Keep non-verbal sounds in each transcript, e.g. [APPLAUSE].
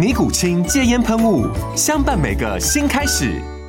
尼古清戒煙噴霧，相伴每個新開始。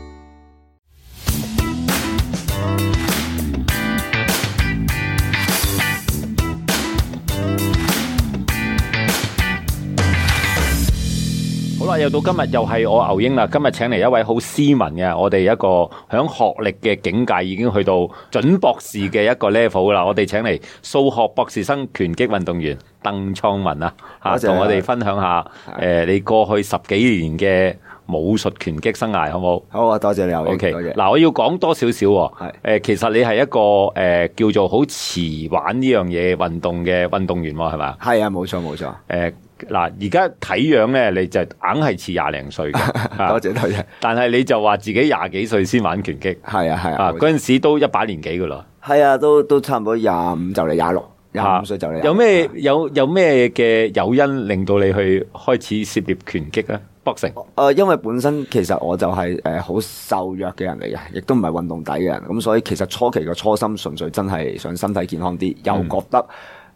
又到今日，又係我牛英啦。今日請嚟一位好斯文嘅，我哋一個響學歷嘅境界已經去到準博士嘅一個 level 啦。我哋請嚟數學博士生、拳擊運動員鄧創文啊，吓同我哋分享下，誒的、呃，你過去十幾年嘅武術拳擊生涯，好唔好？好啊，多謝你，牛英。Okay 多謝嗱，我要講多少少，係、呃、誒，其實你係一個誒、呃、叫做好遲玩呢樣嘢運動嘅運動員，係嘛？係啊，冇錯冇錯，誒。錯 [MUSIC] 嗱，而家睇樣咧，你就硬係似廿零歲嘅。多謝多謝。但係你就話自己廿幾歲先玩拳擊，係啊係啊。嗰陣時都一把年紀噶啦。係啊，都都差唔多廿五就嚟廿六，廿五歲就嚟。有咩有有咩嘅誘因令到你去開始涉獵拳擊咧？Boxing，誒，因為本身其實我就係誒好瘦弱嘅人嚟嘅，亦都唔係運動底嘅人。咁所以其實初期個初心純粹真係想身體健康啲，又覺得、嗯。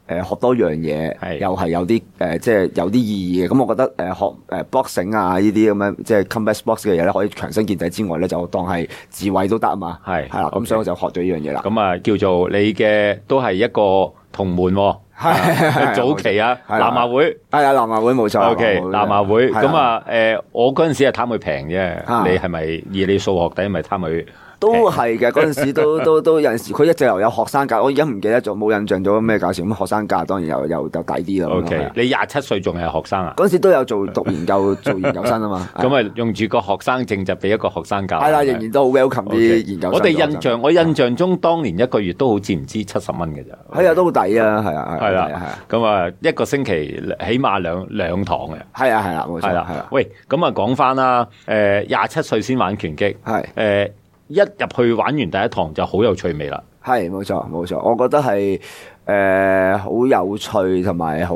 誒學多樣嘢，又係有啲誒，即係有啲意義嘅。咁我覺得誒學誒 boxing 啊，呢啲咁樣即係 combat box 嘅嘢咧，可以強身健體之外咧，就當係智慧都得啊嘛。係係啦，咁所以我就學咗呢樣嘢啦。咁啊，叫做你嘅都係一個同門喎，早期啊，南華會，係啊南華會冇錯。O K 南華會，咁啊誒，我嗰陣時係貪佢平啫，你係咪以你數學底係咪貪佢？都係嘅，嗰陣時都都都有陣時，佢一直又有學生價，我而家唔記得咗，冇印象咗咩價錢。咁學生價當然又又又抵啲啦。O K，你廿七歲仲係學生啊？嗰陣時都有做讀研究，做研究生啊嘛。咁啊，用住個學生證就俾一個學生價。係啦，仍然都好 welcome 啲研究生。我哋印象，我印象中，當年一個月都好似唔知七十蚊嘅啫。係啊，都好抵啊，係啊，係啦，係啊。咁啊，一個星期起碼兩兩堂嘅。係啊，係啦，冇錯，係啦，係啦。喂，咁啊，講翻啦，誒，廿七歲先玩拳擊，係誒。一入去玩完第一堂就好有趣味啦，係冇錯冇錯，我覺得係誒好有趣同埋好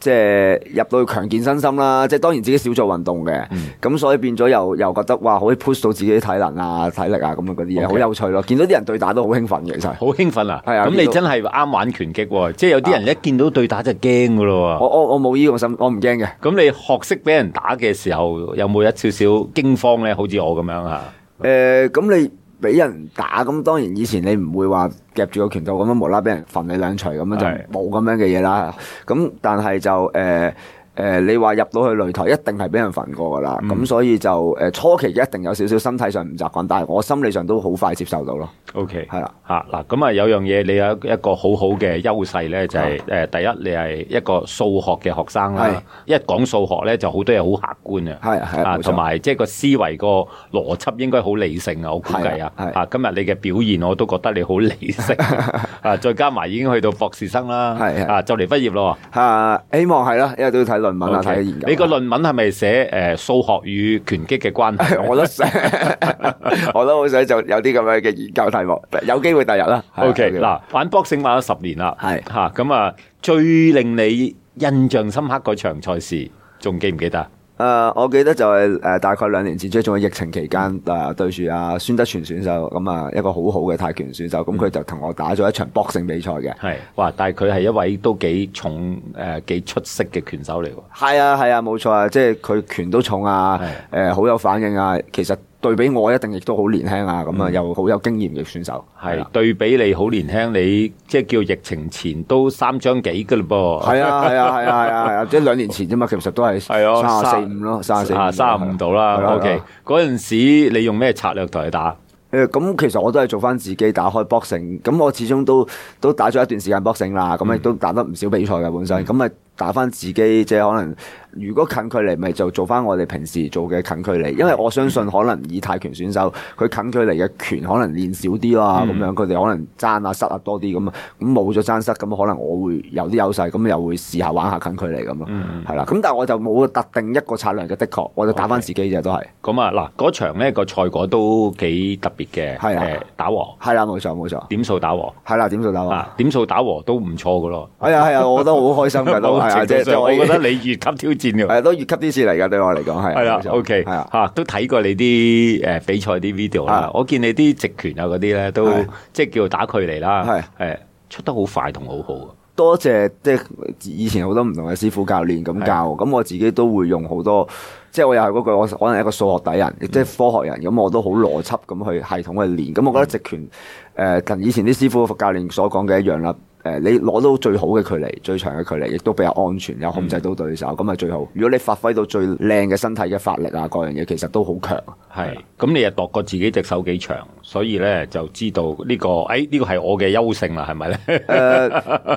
即係入到去強健身心啦，即係當然自己少做運動嘅，咁、嗯、所以變咗又又覺得哇可以 push 到自己啲體能啊、體力啊咁樣嗰啲嘢，好 Okay. 有趣咯！見到啲人對打都好興奮嘅其實，好興奮啊！咁、啊、你真係啱玩拳擊，即係有啲人一見到對打就驚噶咯喎、啊！我我我冇呢個心，我唔驚嘅。咁你學識俾人打嘅時候，有冇一少少驚慌咧？好似我咁樣啊？誒，咁你俾人打，咁當然，以前你唔會話夾住個拳套咁樣無啦啦俾人摯你兩錘咁樣，就冇咁樣嘅嘢啦。咁的但係就誒。呃誒，你話入到去擂台，一定係俾人訓過噶啦，咁所以就誒初期一定有少少身體上唔習慣，但係我心理上都好快接受到咯。OK，係啦，吓嗱，咁啊有樣嘢，你有一一個好好嘅優勢咧，就係誒第一，你係一個數學嘅學生啦，一講數學咧就好多嘢好客觀啊，係係啊，同埋即係個思維個邏輯應該好理性啊，我估計啊，啊今日你嘅表現我都覺得你好理性啊，再加埋已經去到博士生啦，係啊，就嚟畢業咯，啊，希望係啦，因為都要睇。論文啊，睇 Okay, 研究。你個論文係咪寫誒數學與拳擊嘅關係？ [LAUGHS] [LAUGHS] 我都寫，我都好想做有啲咁樣嘅研究題目。有機會第日啦。O K，嗱，玩 Boxing 玩咗十年啦，係吓咁啊，最令你印象深刻嗰場賽事，仲記唔記得？誒、呃，我記得就係、是、誒、呃，大概兩年前，即係仲喺疫情期間，誒、呃，對住阿孫德全選手，咁啊，一個好好嘅泰拳選手，咁佢就同我打咗一場搏擊比賽嘅，係、嗯，哇！但係佢係一位都幾重誒，幾、呃、出色嘅拳手嚟，係啊，係啊，冇錯啊，錯即係佢拳都重啊，誒、啊，好、呃、有反應啊，其實。對比我一定亦都好年輕啊，咁啊又好有經驗嘅選手。係對比你好年輕，你即係叫疫情前都三張幾噶嘞噃。係啊係啊係啊係啊，即係兩年前啫嘛，其實都係三廿四五咯，三廿四三廿五度啦。O K，嗰陣時你用咩策略同佢打？誒，咁其實我都係做翻自己，打開 boxing。咁我始終都都打咗一段時間 boxing 啦，咁亦都打得唔少比賽嘅本身。咁啊。打翻自己，即係可能如果近距離，咪就做翻我哋平時做嘅近距離。因為我相信可能以泰拳選手，佢近距離嘅拳可能練少啲啦，咁、嗯、樣佢哋可能爭啊失啊多啲咁咁冇咗爭失，咁可能我會有啲優勢，咁又會試下玩下近距離咁咯，係、嗯、啦，咁但係我就冇特定一個策略嘅，的確我就打翻自己啫，Okay. 都係是。咁啊嗱，嗰場咧、那個賽果都幾特別嘅，係啊啦、呃、打和，係啦冇錯冇錯，點數打和，係啦點數打和，點數打和都唔錯㗎咯。係啊係啊，我覺得好開心㗎都。我覺得你越級挑戰嘅，都越級啲事嚟噶。對我嚟講係。係啦，OK，係啊，都睇過你啲誒比賽啲 video 啦。我見你啲直拳啊嗰啲咧，都即係叫打距離啦。係誒，出得好快同好好。多謝即係以前好多唔同嘅師傅教練咁教，咁我自己都會用好多。即係我又係嗰句，我可能係一個數學底人，亦即係科學人，咁我都好邏輯咁去系統去練。咁我覺得直拳誒跟以前啲師傅教練所講嘅一樣啦。誒，嗯、你攞到最好嘅距離，最長嘅距離，亦都比較安全，又控制到對手，咁啊最好。如果你發揮到最靚嘅身體嘅發力啊，各樣嘢其實都好強、啊。係，咁你又度過自己隻手幾長，所以咧就知道呢、這個，誒、哎、呢個係我嘅優勝啦，係咪咧？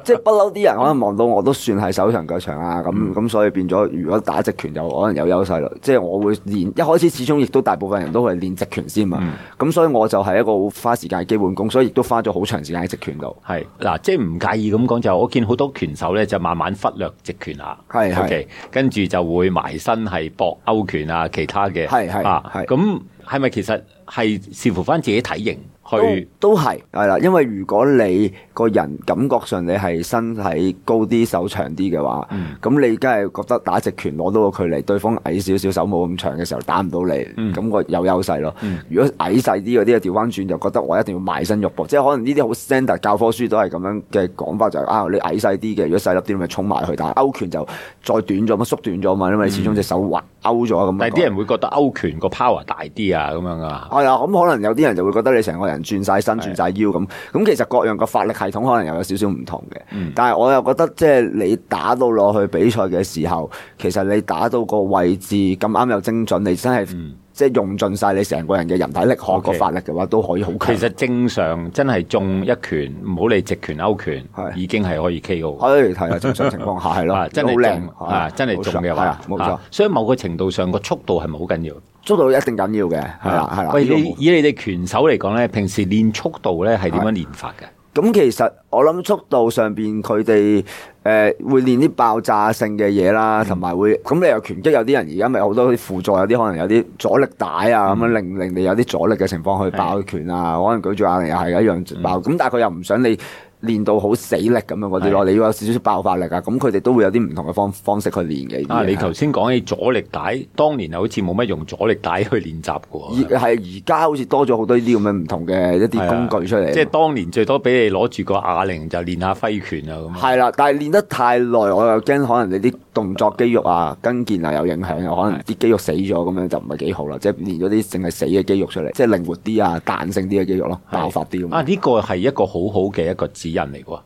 即係不嬲啲人可能望到我都算係手長腳長啊，咁、嗯、咁、嗯、所以變咗，如果打直拳就可能有優勢啦。即係我會練一開始，始終亦都大部分人都係練直拳先嘛、啊。咁、嗯、所以我就係一個花時間嘅基本功，所以亦都花咗好長時間喺直拳度。係，嗱、啊，即係唔。唔介意咁講就，我見好多拳手咧就慢慢忽略直拳啊，係係，OK，跟住就會埋身係搏勾拳啊，其他嘅，係係係啊，咁係咪其實係視乎翻自己體型？都都係，係啦，因為如果你個人感覺上你係身體高啲、手長啲嘅話，咁、嗯、你梗係覺得打直拳攞到個距離，對方矮少少、手冇咁長嘅時候打唔到你，咁我有優勢咯。嗯嗯、如果矮細啲嗰啲啊，調翻轉就覺得我一定要埋身肉搏，即係可能呢啲好 standard 教科書都係咁樣嘅講法，就係、是、啊你矮細啲嘅，如果細粒啲咪衝埋去打。勾拳就再短咗，嘛，縮短咗嘛，因為你始終隻手滑。嗯勾咗咁，但係啲人會覺得勾拳個 power 大啲啊，咁樣啊，係啊，咁可能有啲人就會覺得你成個人轉晒身、是的 轉晒腰咁，咁其實各樣個法力系統可能又有少少唔同嘅，嗯、但係我又覺得即係你打到落去比賽嘅時候，其實你打到個位置咁啱又精準，你真係。嗯即係用盡晒你成個人嘅人體力學嘅發力嘅話，都可以好強。其實正常真係中一拳，唔好理直拳勾拳，已經係可以 KO。係係啊，正常情況下係咯，真係中啊，真係中嘅話，冇錯。所以某個程度上，個速度係咪好緊要？速度一定緊要嘅，係啦係啦。喂，以你哋拳手嚟講咧，平時練速度咧係點樣練法嘅？咁其實我諗速度上邊佢哋誒會練啲爆炸性嘅嘢啦，同埋、嗯、會咁你又拳擊有啲人而家咪好多啲輔助，有啲可能有啲阻力帶啊咁、嗯、樣令令你有啲阻力嘅情況去爆拳啊，嗯、可能舉住阿明又係一樣爆，咁、嗯、但係佢又唔想你。練到好死力咁樣嗰啲咯，的你要有少少爆發力啊！咁佢哋都會有啲唔同嘅方方式去練嘅。啊，的你頭先講起阻力帶，當年好似冇乜用阻力帶去練習嘅，係而家好似多咗好多呢啲咁樣唔同嘅一啲工具出嚟。即係當年最多俾你攞住個啞鈴就練下揮拳啊咁。係啦，但係練得太耐，我又驚可能你啲動作肌肉啊、跟腱啊有影響，可能啲肌肉死咗咁的樣就唔係幾好啦。即係練咗啲淨係死嘅肌肉出嚟，即係靈活啲啊、彈性啲嘅肌肉咯，爆發啲。的啊，呢個係一個好好嘅一個。指嚟嘅，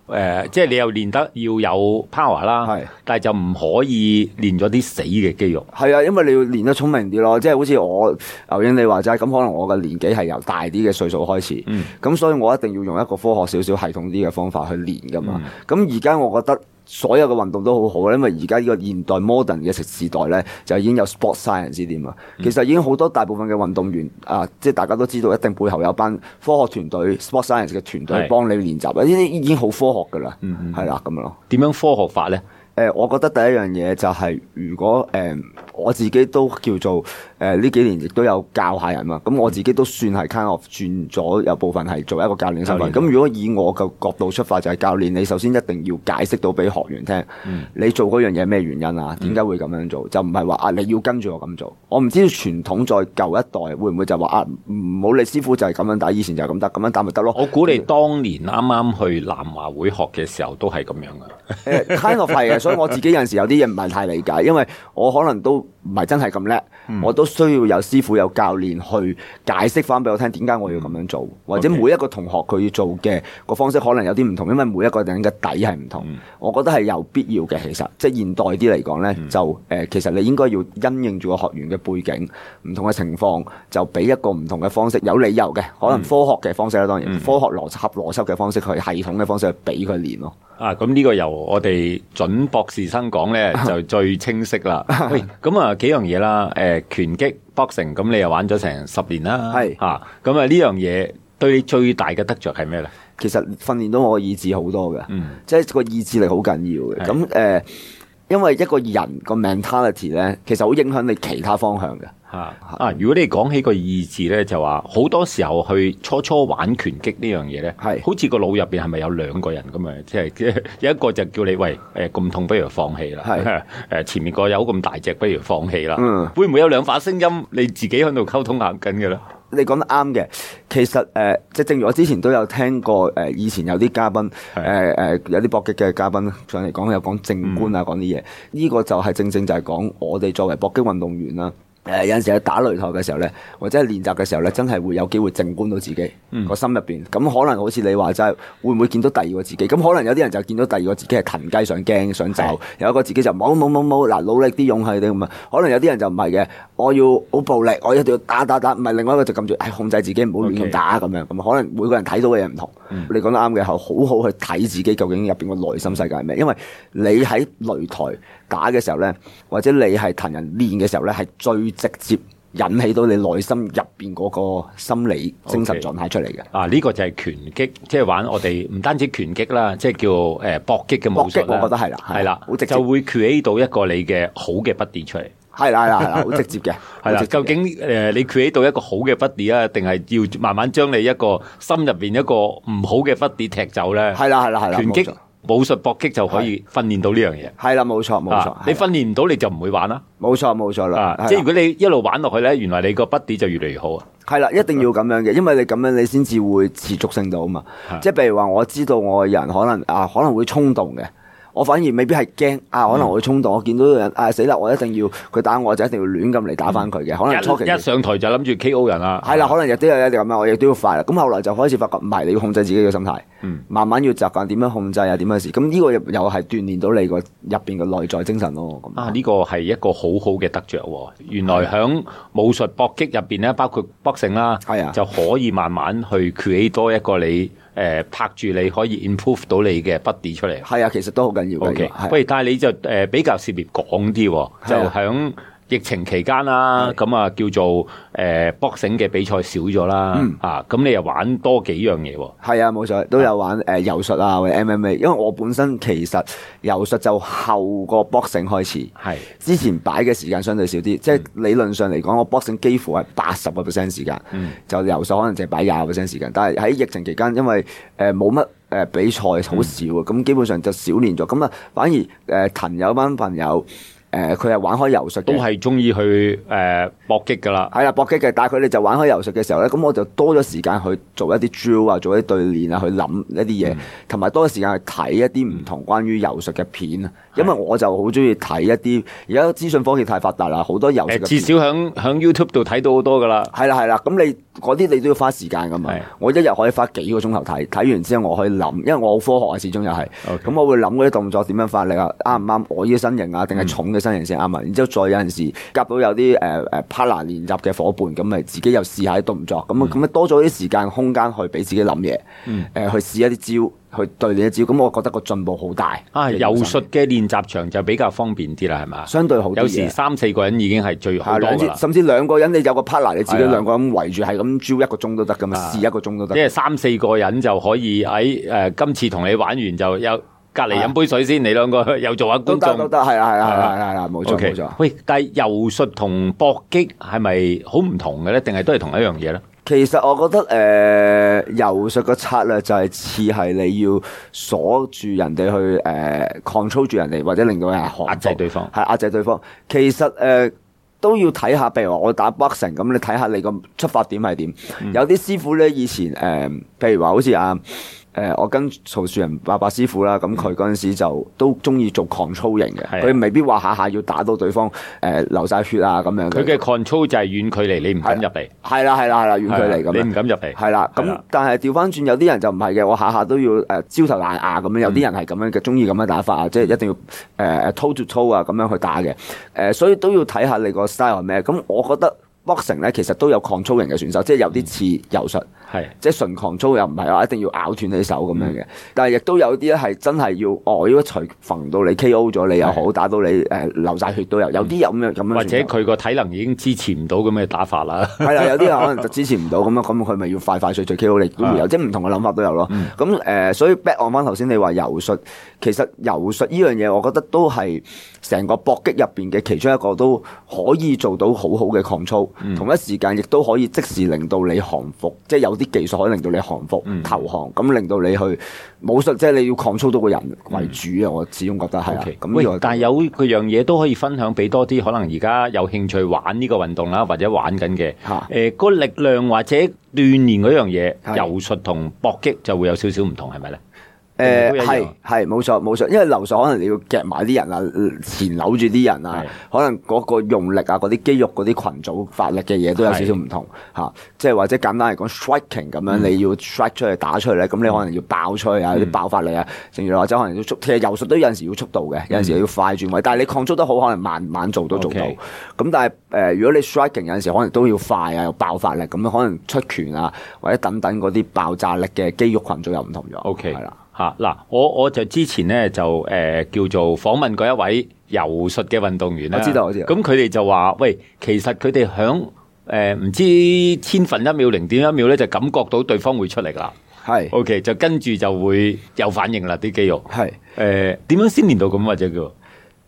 誒，即係你又練得要有 power 啦，係，但係就唔可以練咗啲死嘅肌肉。係啊，因為你要練得聰明啲咯，即係好似我牛英你話齋，咁可能我嘅年紀係由大啲嘅歲數開始，咁、嗯、所以我一定要用一個科學少少系統啲嘅方法去練㗎嘛。咁而家我覺得。所有嘅運動都好好，因為而家呢個現代 modern 嘅食時代咧，就已經有 sport science 知點啊。其實已經好多大部分嘅運動員啊，即係大家都知道，一定背後有班科學團隊 sport 的 science 嘅團隊幫你練習，呢啲已經好科學㗎啦。係啦、嗯嗯，咁樣咯。點樣科學法咧？誒、呃，我覺得第一樣嘢就係、是、如果誒、呃，我自己都叫做。誒呢幾年亦都有教下人嘛，咁我自己都算係 Kind of 轉咗，有部分係做一個教練身份。咁如果以我嘅角度出發，就係、是、教練，你首先一定要解釋到俾學員聽，嗯、你做嗰樣嘢咩原因啊？點解會咁樣做？嗯、就唔係話啊，你要跟住我咁做。我唔知傳統在舊一代會唔會就話啊，冇你師傅就係咁樣打，以前就咁打，咁樣打咪得咯？我估你當年啱啱去南華會學嘅時候都係咁樣嘅。嗯 [LAUGHS] uh, kind of 係，嘅，所以我自己有陣時有啲嘢唔係太理解，因為我可能都。唔係真係咁叻，嗯、我都需要有師傅有教練去解釋翻俾我聽點解我要咁樣做，或者每一個同學佢要做嘅個方式可能有啲唔同，因為每一個人嘅底係唔同。嗯、我覺得係有必要嘅，其實即係現代啲嚟講呢，嗯、就誒、呃、其實你應該要因應住個學員嘅背景、唔同嘅情況，就俾一個唔同嘅方式，有理由嘅，可能科學嘅方式啦，當然、嗯嗯、科學邏輯、邏輯嘅方式去系統嘅方式去俾佢練咯。啊，咁、這、呢個由我哋準博士生講呢，就最清晰啦。喂、 [LAUGHS] 啊，咁啊幾樣嘢啦、呃，拳擊 boxing，咁你又玩咗成十年啦，係吓是，咁啊呢樣嘢對你最大嘅得着係咩呢？其實訓練到我意志好多嘅，嗯，即係個意志力好緊要嘅，咁誒是。因為一個人個 mentality 咧，其實好影響你其他方向嘅。啊是啊，如果你講起個意志咧，就話好多時候去初初玩拳擊呢樣嘢咧，係是好似個腦入邊係咪有兩個人咁啊？即係即係有一個就叫你喂，誒、呃、咁痛不如放棄啦。係誒是，前面個有咁大隻不如放棄啦。嗯，會唔會有兩把聲音你自己喺度溝通硬緊嘅咧？你講得啱嘅，其實誒、呃，即正如我之前都有聽過，誒、呃、以前有啲嘉賓，誒誒的、呃、有啲搏擊嘅嘉賓上嚟講，有講正觀啊，嗯、講啲嘢，呢、這個就係正正就係講我哋作為搏擊運動員啦。誒，嗯、有陣時喺打擂台嘅時候咧，或者係練習嘅時候咧，真係會有機會靜觀到自己個心入邊。咁、嗯嗯、可能好似你話齋，會唔會見到第二個自己？咁、嗯、可能有啲人就見到第二個自己係騰雞上驚想走，的有一個自己就冇冇冇冇，嗱努力啲勇氣啲咁啊。可能有啲人就唔係嘅，我要好暴力，我一定要打打打。唔係另外一個就咁住，係控制自己唔好亂打咁樣。咁、嗯嗯、可能每個人睇到嘅嘢唔同。嗯、你講得啱嘅係好好去睇自己究竟入邊個內心世界係咩？因為你喺擂台。打嘅時候咧，或者你係騰人練嘅時候咧，係最直接引起到你內心入邊嗰個心理精神狀態出嚟嘅。啊，呢個就係拳擊，即係玩我哋唔單止拳擊啦，即係叫誒搏擊嘅武術啦。搏擊，我覺得係啦，係啦，就會 create 到一個你嘅好嘅 buddy 出嚟。係啦，係啦，好直接嘅。係啦，究竟誒你 create 到一個好嘅 buddy 啊，定係要慢慢將你一個心入邊一個唔好嘅 buddy 踢走咧？係啦，係啦，係啦，拳擊，武術搏擊就可以訓練到呢樣嘢，係啦，冇錯冇錯，錯，的你訓練唔到你就唔會玩啦，冇錯冇錯啦，錯錯的即係如果你一路玩落去咧，的原來你個 buddy 就越嚟越好啊，係啦的，的一定要咁樣嘅，的因為你咁樣你先至會持續性到啊嘛，的即係譬如話我知道我嘅人可能啊可能會衝動嘅。我反而未必係驚，啊，可能我會衝動，我、嗯、見到人，啊，死啦，我一定要佢打我，我就一定要亂咁嚟打返佢嘅。嗯、可能初期一上台就諗住 K.O. 人啦，係啦的，可能亦都有一咁啊，我亦都要快啦。咁、嗯、後來就開始發覺，唔係你要控制自己嘅心態，嗯、慢慢要習慣點樣控制啊，點樣事。咁呢個又又係鍛煉到你個入邊嘅內在精神咯。啊，呢個係一個好好嘅得着。原來響武術搏擊入邊咧，包括 boxing 啦，係啊的，就可以慢慢去 create 多一個你。的的 [LAUGHS] 誒、呃、拍住你可以 improve 到你嘅 buddy 出嚟，係啊，其實都好緊要。O K，喂，但係你就誒、呃、比較涉獵廣啲，的就響。疫情期間啦，咁啊叫做誒、呃、boxing 嘅比賽少咗啦，嗯、啊咁你又玩多幾樣嘢喎、哦？係啊，冇錯，都有玩誒柔、呃、術啊或者 MMA。因為我本身其實柔術就後個 boxing 開始，係是之前擺嘅時間相對少啲，即係理論上嚟講，我 boxing 幾乎係八十個 percent 時間，嗯、就柔術可能淨係擺廿個 percent 時間。但係喺疫情期間，因為誒冇乜誒比賽好少啊，咁基本上就少練咗。咁啊反而誒、呃、騰有班朋友。誒，佢係、呃、玩開柔術都係中意去誒搏擊噶啦。係、呃、啦，搏擊嘅，但係佢哋就玩開柔術嘅時候咧，咁我就多咗時間去做一啲 drill 啊，做一啲對練啊，去諗一啲嘢，同埋、嗯、多咗時間去睇一啲唔同關於柔術嘅片啊。因為我就好中意睇一啲，而家資訊科技太發達啦，好多柔誒、呃、至少響響 YouTube 度睇到好多噶啦。係啦係啦，咁你嗰啲你都要花時間噶嘛。的我一日可以花幾個鐘頭睇，睇完之後我可以諗，因為我好科學啊，始終又係。咁我會諗嗰啲動作點樣發力啊，啱唔啱我呢個身形啊，定係重新型先啱嘛，然之後再有陣時夾到有啲誒誒 partner 練習嘅伙伴，咁咪自己又試下啲動作，咁啊咁啊多咗啲時間空間去俾自己諗嘢，誒、呃、去試一啲招，去對你一招，咁我覺得個進步好大。啊，柔術嘅練習場就比較方便啲啦，係嘛？相對好啲。有時三四個人已經係最好多啦。甚至兩個人，你有個 partner，你自己兩個人圍住係咁招一個鐘都得噶嘛，啊、試一個鐘都得。即係三四個人就可以喺誒、哎呃、今次同你玩完就有。隔離飲杯水先，啊、你兩個又做下觀眾都得都得，係啊係啊係啊冇錯冇錯。Okay. 喂，但係柔術同搏擊係咪好唔同嘅咧？定係都係同一樣嘢咧？其實我覺得誒柔術嘅策略就係似係你要鎖住人哋去、呃、control 住人哋，或者令到人壓制對方，係、啊、壓制對方。其實誒、呃、都要睇下，譬如話我打 boxing 咁，你睇下你個出發點係點。嗯、有啲師傅咧以前誒、呃，譬如話好似阿。誒，我跟曹樹仁伯伯師傅啦，咁佢嗰陣時就都中意做 control 型嘅，佢的未必話下下要打到對方誒、呃、流晒血啊咁樣。佢嘅 control 就係遠距離，你唔敢入嚟。係啦，係啦，係啦，遠距離咁你唔敢入嚟。係啦，咁的但係調翻轉，有啲人就唔係嘅，我下下都要誒焦、呃、頭爛牙咁樣。有啲人係咁樣嘅，中意咁樣打法啊，嗯、即係一定要誒 toe to toe 啊咁樣去打嘅。誒、呃，所以都要睇下你個 style 係咩。咁我覺得 boxing 咧，其實都有 control 型嘅選手，即係有啲似柔術。嗯係，是即係純狂操又唔係話一定要咬斷你手咁樣嘅，嗯、但係亦都有啲咧係真係要，哦，如果錘縫到你 K.O. 咗你又好，是打到你誒、呃、流晒血都有，有啲又咁樣咁樣、嗯，或者佢個體能已經支持唔到咁嘅打法啦，係啊、嗯， [LAUGHS] 有啲可能就支持唔到咁樣，咁佢咪要快快脆脆 K.O. 你，咁有、嗯、即係唔同嘅諗法都有咯。咁誒、嗯呃，所以 back on 翻頭先你話柔術，其實柔術呢樣嘢，我覺得都係成個搏擊入邊嘅其中一個都可以做到好好嘅抗操。嗯、同一時間亦都可以即時令到你降服，即係有。啲技術可以令到你降服、投降，咁令到你去武術，即係你要控制到個人為主啊！嗯、我始終覺得係啦。咁，就是、但係有個樣嘢都可以分享俾多啲，可能而家有興趣玩呢個運動啦，或者玩緊嘅。誒哈，呃那個力量或者鍛鍊嗰樣嘢，柔術同搏擊就會有少少唔同，係咪咧？誒，係係冇錯冇錯，因為留術可能你要夾埋啲人啊，前扭住啲人啊，是可能嗰個用力啊，嗰啲肌肉嗰啲群組發力嘅嘢都有少少唔同嚇是、啊。即係或者簡單嚟講 striking 咁樣，嗯、你要 striking 出去打出去咧，咁你可能要爆出去啊，啲爆發力啊。正如話，即可能要速，其實游術都有陣時要速度嘅，有陣時要快轉位。但係你抗速得好，可能慢慢做都做到。咁、嗯、但係誒、呃，如果你 striking 有陣時可能都要快啊，有爆發力，咁可能出拳啊或者等等嗰啲爆炸力嘅肌肉群組又唔同咗。O K 係啦。Okay, 啊嗱，我我就之前咧就誒、呃、叫做訪問過一位柔術嘅運動員。我知道，我知道。咁佢哋就話：喂，其實佢哋響誒唔知千分一秒零點一秒咧，就感覺到對方會出嚟啦。係是，OK，就跟住就會有反應啦啲肌肉。係誒是，點、呃、樣先練到咁或者叫？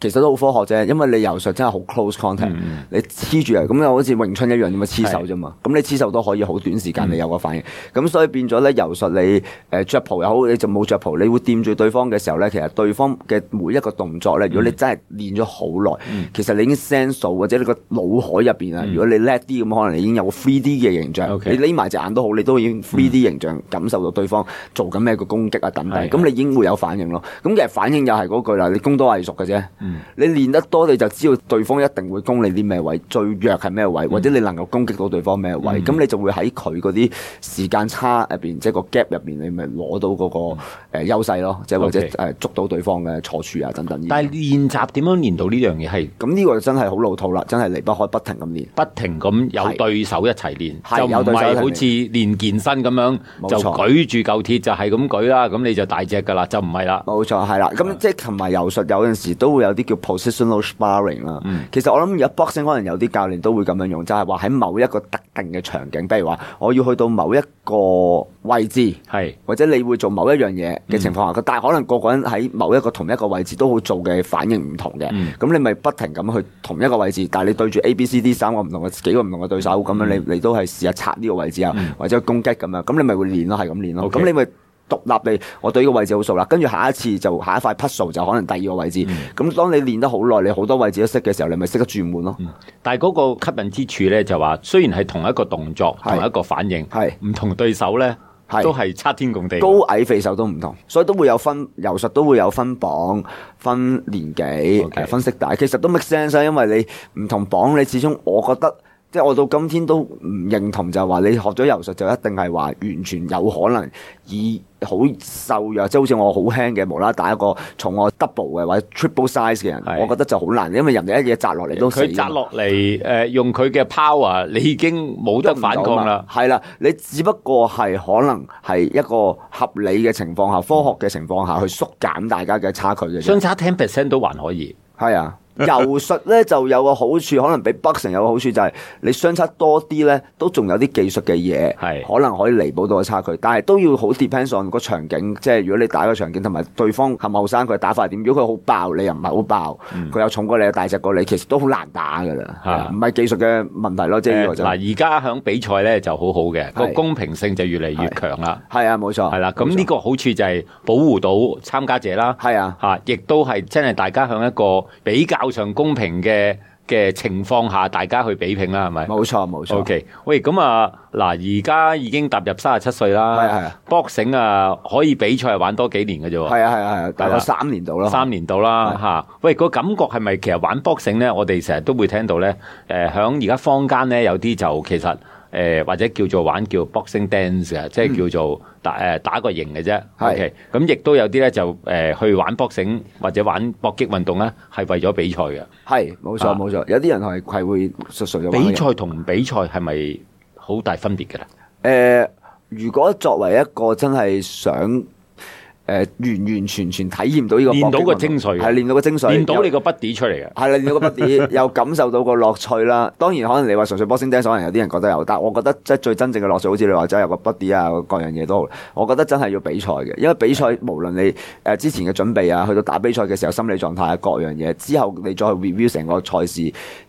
其實都好科學啫，因為你柔術真係好 close contact，你黐住啊，咁就好似詠春一樣點樣黐手啫嘛。咁你黐手都可以好短時間你有個反應。咁所以變咗咧柔術你誒着袍又好，你就冇着袍，你會掂住對方嘅時候咧，其實對方嘅每一個動作咧，如果你真係練咗好耐，其實你已經 sense 到或者你個腦海入邊啊，如果你叻啲咁，可能你已經有個 3D 嘅形象。你匿埋隻眼都好，你都已經 3D 形象感受到對方做緊咩個攻擊啊等等。咁你已經會有反應咯。咁其實反應又係嗰句啦，你功多藝熟嘅啫。你練得多你就知道對方一定會攻你啲咩位，最弱係咩位，或者你能夠攻擊到對方咩位，咁、嗯、你就會喺佢嗰啲時間差入邊，即、就、係、是、個 gap 入邊，你咪攞到嗰、那個誒、呃、優勢咯，即係或者捉到對方嘅錯處啊等等。整整整，但係練習點樣練到呢樣嘢係？咁呢個真係好老套啦，真係離不開不停咁練，不停咁有對手一齊練，就唔係好似練健身咁樣錯就舉住嚿鐵就係咁舉啦，咁你就大隻㗎啦，就唔係啦。冇的錯，係啦。咁即係同埋游術有陣時都會有啲。叫 positional sparring 啦，嗯、其實我諗入 boxing 可能有啲教練都會咁樣用，就係話喺某一個特定嘅場景，比如話我要去到某一個位置，係是 或者你會做某一樣嘢嘅情況下，嗯、但係可能個個人喺某一個同一個位置都會做嘅反應唔同嘅，咁、嗯、你咪不停咁去同一個位置，但係你對住 A、B、C、D 三個唔同嘅幾個唔同嘅對手咁樣、嗯，你你都係試下拆呢個位置啊，嗯、或者攻擊咁、就是、樣，咁你咪會練咯，係咁練咯，咁你咪。獨立你，我對呢個位置好熟啦。跟住下一次就下一塊 puzzle 就可能第二個位置。咁、嗯、當你練得好耐，你好多位置都識嘅時候，你咪識得轉換咯、嗯。但係嗰個吸引之處呢，就話雖然係同一個動作是同一個反應，係唔是同對手呢，是都係差天共地，高矮肥瘦都唔同，所以都會有分柔術，都會有分榜、分年紀 Okay. 分色帶，其實都 makes sense，因為你唔同榜你始終，我覺得即係我到今天都唔認同就係、是、話你學咗柔術就一定係話完全有可能以。好瘦弱，即係好似我好輕嘅，無啦啦打一個重我 double 嘅或者 triple size 嘅人，的我覺得就好難，因為人哋一嘢砸落嚟都佢砸落嚟，誒、呃、用佢嘅 power，你已經冇得反抗啦。係啦，你只不過係可能係一個合理嘅情況下、科學嘅情況下去縮減大家嘅差距啫。相差 ten percent 都還可以，係啊。 [LAUGHS] 柔術咧就有個好處，可能比北城有個好處就係、是、你相差多啲咧，都仲有啲技術嘅嘢，係是可能可以彌補到個差距。但係都要好 depends on 個場景，即係如果你打個場景同埋對方係後生，佢打法點？如果佢好爆你，你又唔係好爆，佢又、嗯、重過你，又大隻過你，其實都好難打噶啦。吓是，唔係技術嘅問題咯，即係嗱，而家響比賽咧就好好嘅，是個公平性就越嚟越強啦。係啊，冇錯。係啦，咁呢錯個好處就係保護到參加者啦。係啊，吓、啊，亦都係真係大家向一個比較較場公平嘅嘅情況下，大家去比拼啦，係咪？冇錯冇錯。OK，喂，咁啊，嗱，而家已經踏入三十七歲啦。係啊係啊，boxing 啊可以比賽玩多幾年嘅啫喎。係啊係啊係啊，大概三年到啦。三年到啦嚇。喂，個感覺係咪其實玩 boxing 咧？我哋成日都會聽到咧，誒、呃，響而家坊間咧有啲就其實。誒或者叫做玩叫 boxing dance 啊，即係叫做打，誒打個型嘅啫。OK，咁亦都有啲咧就誒，去玩 boxing 或者玩搏擊運動咧，係為咗比賽嘅。係，冇錯冇錯，有啲人係係，會純粹比賽同唔比賽係咪好大分別㗎啦？誒，如果作為一個真係想。誒，完、呃、完全全體驗到呢個練到個精髓，係練能到個精，精髓，練到你個 body 出嚟嘅，係啦，練到個 body，有感受到個樂趣啦。當然，可能你話純粹波星釘，可能有啲人覺得有，但我覺得即係最真正嘅樂趣，好似你話齋有個 body 啊，各樣嘢都好。我覺得真係要比賽嘅，因為比賽是無論你誒、呃、之前嘅準備啊，去到打比賽嘅時候心理狀態啊，各樣嘢，之後你再去 review 成個賽事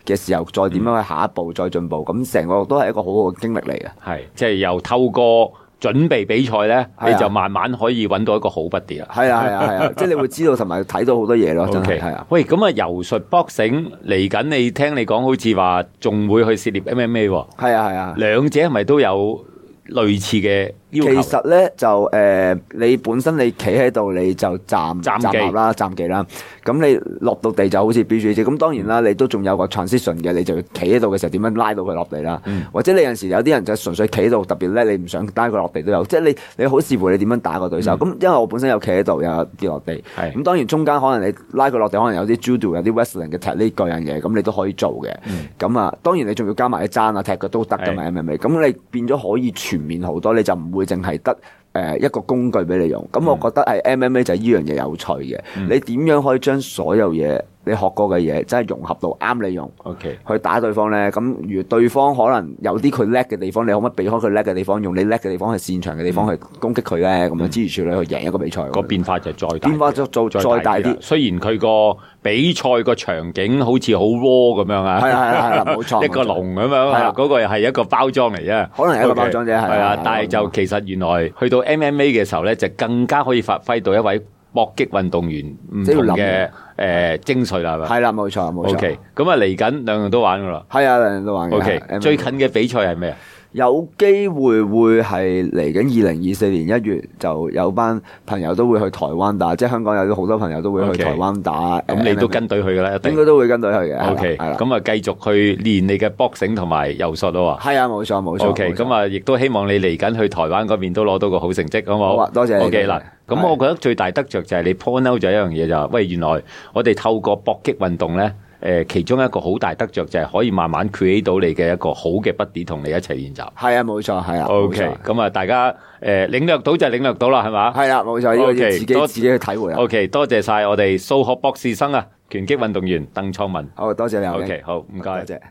嘅時候，再點樣去下一步、嗯、再進步，咁成個都係一個好好嘅經歷嚟嘅。係，即係又透過。準備比賽咧，是啊、你就慢慢可以揾到一個好筆啲啦。係啊係啊係啊， [LAUGHS] 即係你會知道同埋睇到好多嘢咯，真係係 Okay. 啊。喂，咁啊，柔術 boxing 嚟緊，你聽你講好似話仲會去涉獵 M M A 喎。係啊係啊，兩者係咪都有類似嘅？其實咧就誒、呃，你本身你企喺度你就站站立棄啦，站技啦。咁你落到地就好似標註啲。咁當然啦，嗯、你都仲有個 transition 嘅，你就要企喺度嘅時候點樣拉到佢落地啦。嗯、或者你有陣時有啲人就純粹企喺度，特別叻，你唔想拉佢落地都有。即係你你好視乎你點樣打個對手。咁、嗯、因為我本身有企喺度，又有跌落地。咁、嗯、當然中間可能你拉佢落地，可能有啲 judo、有啲 wrestling 嘅踢呢嗰樣嘢，咁你都可以做嘅。咁啊、嗯嗯，當然你仲要加埋一踭啊、踢佢都得㗎嘛，係咪咪？咁、嗯、你變咗可以全面好多，你就唔會。淨係得誒、呃、一個工具俾你用，咁我覺得係 MMA 就係呢樣嘢有趣嘅。嗯、你點樣可以將所有嘢？你學過嘅嘢真係融合到啱你用，OK，去打對方咧。咁如對方可能有啲佢叻嘅地方，你可唔可以避開佢叻嘅地方，用你叻嘅地方去擅長嘅地方去攻擊佢咧？咁樣之餘，處理去贏一個比賽。個變化就再大，變化就做再大啲。雖然佢個比賽個場景好似好 raw 咁樣啊，係係係，冇錯，一個籠咁樣，嗰個又係一個包裝嚟啫。可能係一個包裝啫，係啊。但係就其實原來去到 MMA 嘅時候咧，就更加可以發揮到一位。搏擊運動員唔同嘅誒、呃、精髓啦，係咪？係啦，冇錯，冇錯。O K，咁啊，嚟緊兩樣都玩噶啦，係啊，兩樣都玩。O K，最近嘅比賽係咩啊？有機會會係嚟緊二零二四年一月就有班朋友都會去台灣打，即係香港有好多朋友都會去台灣打，咁你都跟隊去㗎啦，應該都會跟隊去嘅。O K，咁啊繼續去練你嘅 boxing 同埋柔術咯喎。係啊，冇錯冇錯。O K，咁啊，亦都希望你嚟緊去台灣嗰邊都攞到個好成績，好唔好？好，多謝。O K，嗱，咁我覺得最大得着就係你 point out 咗一樣嘢就係，喂，原來我哋透過搏擊運動呢。誒，其中一個好大得着，就係可以慢慢 create 到你嘅一個好嘅 buddy，同你一齊練習。係啊，冇錯，係啊，OK，咁啊，okay, 錯大家誒、呃、領略到就係領略到啦，係嘛？係啊，冇錯。Okay, 要自己自己去體會啊。多 OK，多謝晒我哋數學博士生啊，拳擊運動員、啊、鄧創文。好多謝你。OK，好，唔該謝，謝